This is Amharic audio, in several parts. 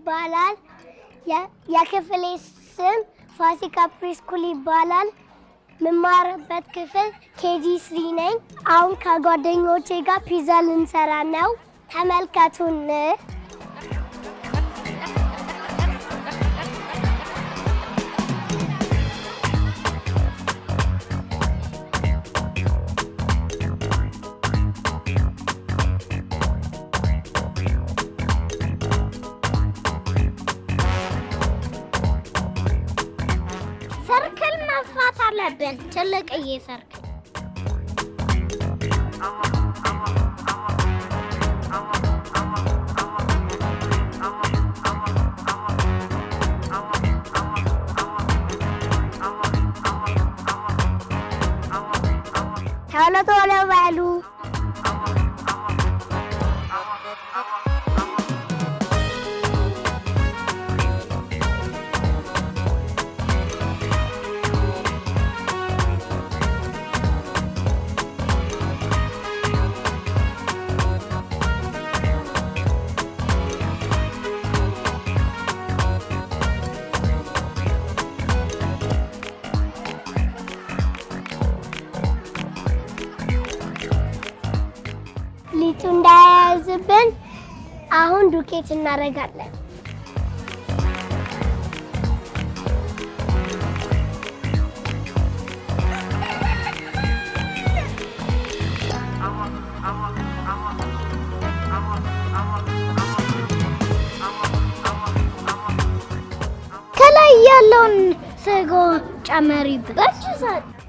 ይባላል። የክፍሌ ስም ፋሲካ ፕሪስኩል ይባላል። የምማርበት ክፍል ኬጂ ስሪ ነኝ። አሁን ከጓደኞቼ ጋር ፒዛ ልንሰራ ነው። ተመልከቱን። ማስፋት አለብን። ትልቅዬ ሰርግ ቶሎ ቶሎ በሉ። ዱቄት እናደርጋለን። ከላይ ያለውን ስጎ ጨመሪበት።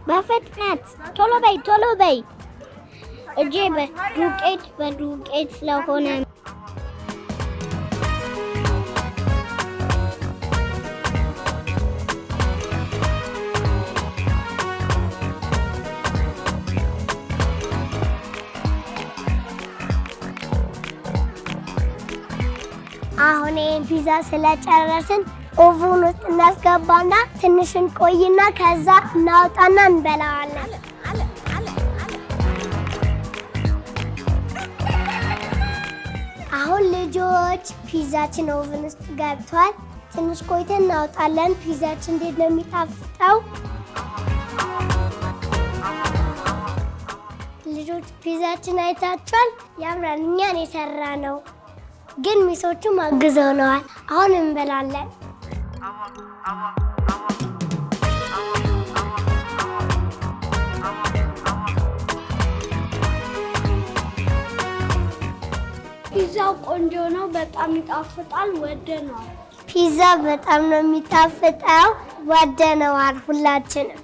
በፍጥነት ቶሎ በይ ቶሎ በይ እጄ በዱቄት በዱቄት ስለሆነ ፒዛ ስለጨረስን ኦቭን ውስጥ እናስገባና ትንሽ እንቆይና ከዛ እናወጣና እንበላዋለን። አሁን ልጆች ፒዛችን ኦቭን ውስጥ ገብቷል። ትንሽ ቆይተን እናወጣለን። ፒዛችን እንዴት ነው የሚጣፍጠው? ልጆች ፒዛችን አይታችኋል? ያምራል። እኛን የሰራ ነው። ግን ሚሶቹ ሆነዋል አሁን እንበላለን። ፒዛው ቆንጆ ነው። በጣም ይጣፍጣል። ወደነዋል። ፒዛ በጣም ነው የሚጣፍጠው። ወደነዋል ሁላችንም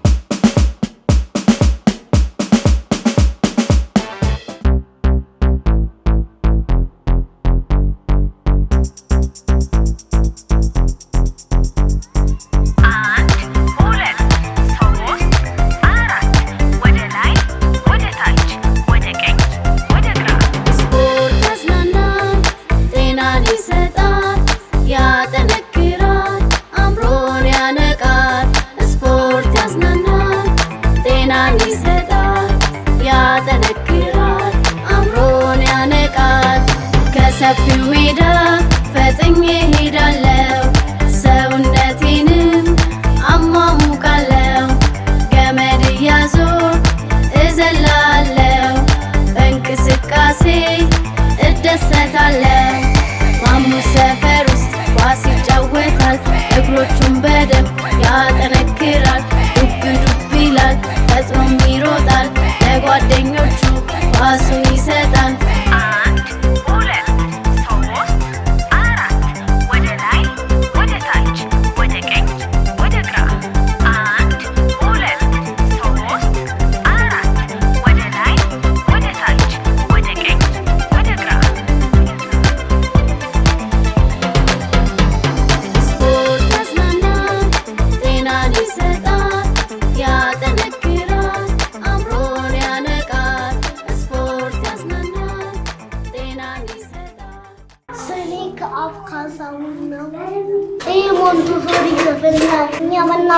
ሰፊው ሜዳ ፈጥኜ ሄዳለው ሰውነቴንም አሟሙቃለው ገመድ እያዞር እዘላለው በእንቅስቃሴ እደሰታለው ማሙ ሰፈር ውስጥ ኳስ ይጫወታል እግሮቹን በደንብ ያጠነክራል ዱብ ዱብ ይላል ፈጥኖም ይሮጣል ለጓደኞቹ ኳሱን ይሰጣል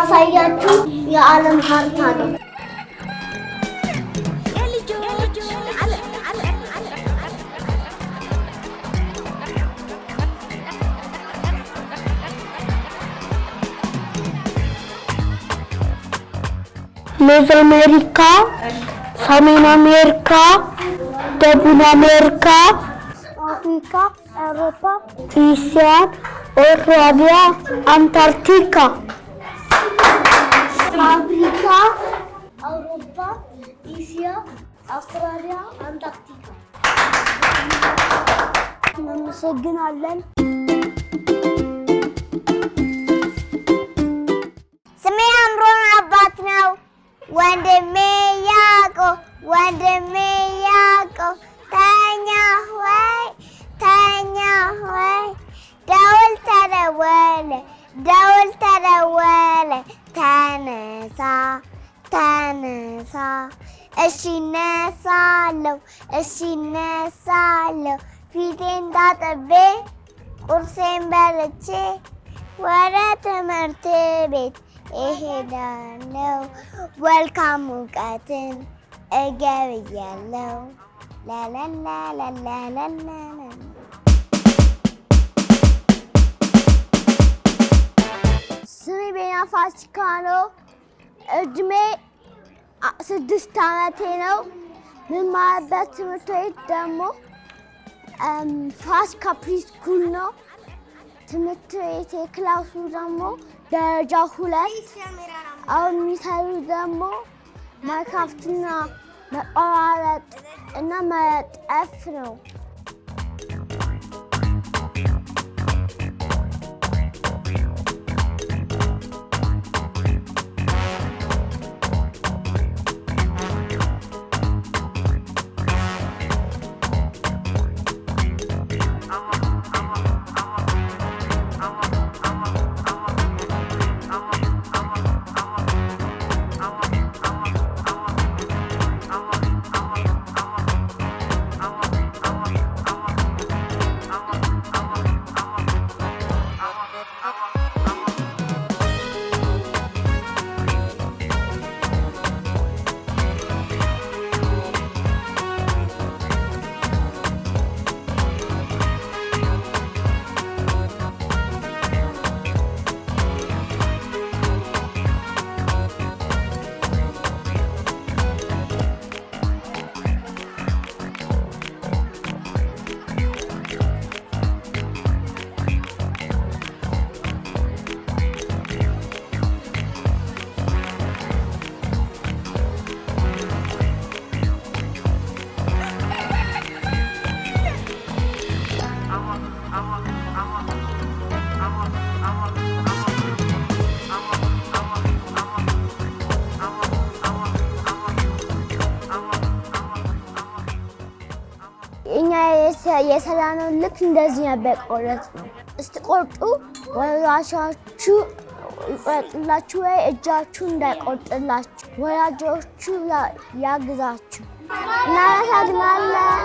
የማሳያችሁ የዓለም ካርታ ነው። ሜዝ አሜሪካ፣ ሰሜን አሜሪካ፣ ደቡብ አሜሪካ፣ አፍሪካ፣ አውሮፓ፣ እስያ፣ ኦስትራሊያ፣ አንታርክቲካ አሜሪካ፣ አውሮፓ፣ እስያ፣ አውስትራሊያ፣ አንታርክቲካ። እናመሰግናለን። ስሜ አምሮን አባት ነው። ወንድሜ ያቆ ወንድሜ ያቆ ተኛ ወይ ተኛ እሺ እነሳለሁ፣ እሺ እነሳለሁ፣ ፊቴን ታጥቤ ቁርሴን በልቼ ወደ ትምህርት ቤት እሄዳለሁ። ወልካም እውቀትን እገብያለሁ። ላላላላላላ ስሜ ቤና ፋሲካ ነው። እድሜ ስድስት ዓመቴ ነው። የምማርበት ትምህርት ቤት ደግሞ ፋስ ካፕሪ ነው። ትምህርት ቤት የክላሱ ደግሞ ደረጃ ሁለት። አሁን የሚታዩ ደግሞ መካፍትና መቆራረጥ እና መጠፍ ነው። የሰላነውን ልክ እንደዚህ ነበር ቆረጥ ነው። ቆርጡ ወላጆቻችሁ ይቆረጥላችሁ ወይ እጃችሁ እንዳይቆርጥላችሁ ወላጆቹ ያግዛችሁ። እናመሰግናለን።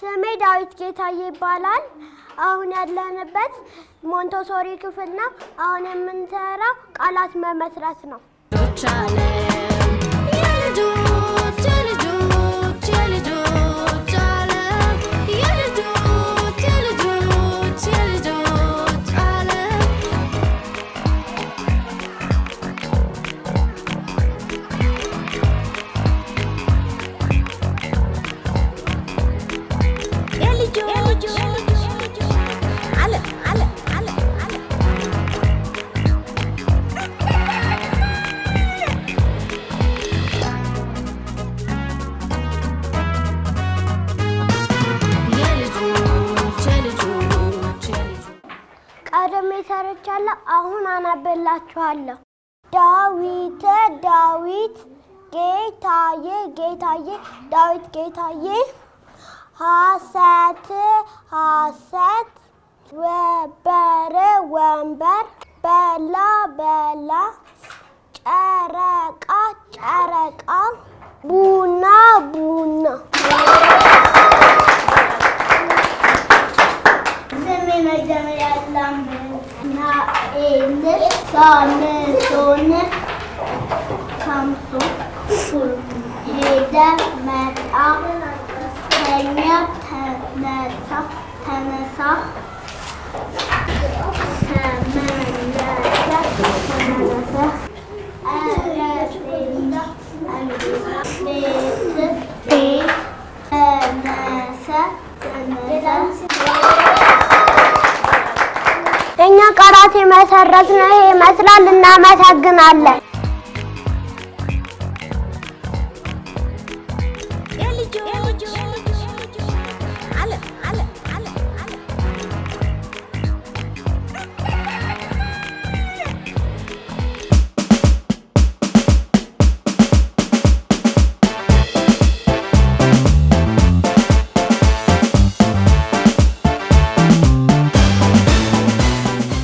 ስሜ ዳዊት ጌታዬ ይባላል። አሁን ያለንበት ሞንቶሶሪ ክፍል ነው። አሁን የምንሰራው ቃላት መመስረት ነው። Czale. እላችኋለሁ። ዳዊተ ዳዊት ጌታዬ ጌታዬ ዳዊት ጌታዬ ሐሰት ሐሰት ወንበር ወንበር በላ በላ ጨረቃ ጨረቃ ቡና ቡና tane tone Samsun Kurhide Mer'a Tenya Tenesa Tenesa የሰረዝነው ይመስላል። እናመሰግናለን።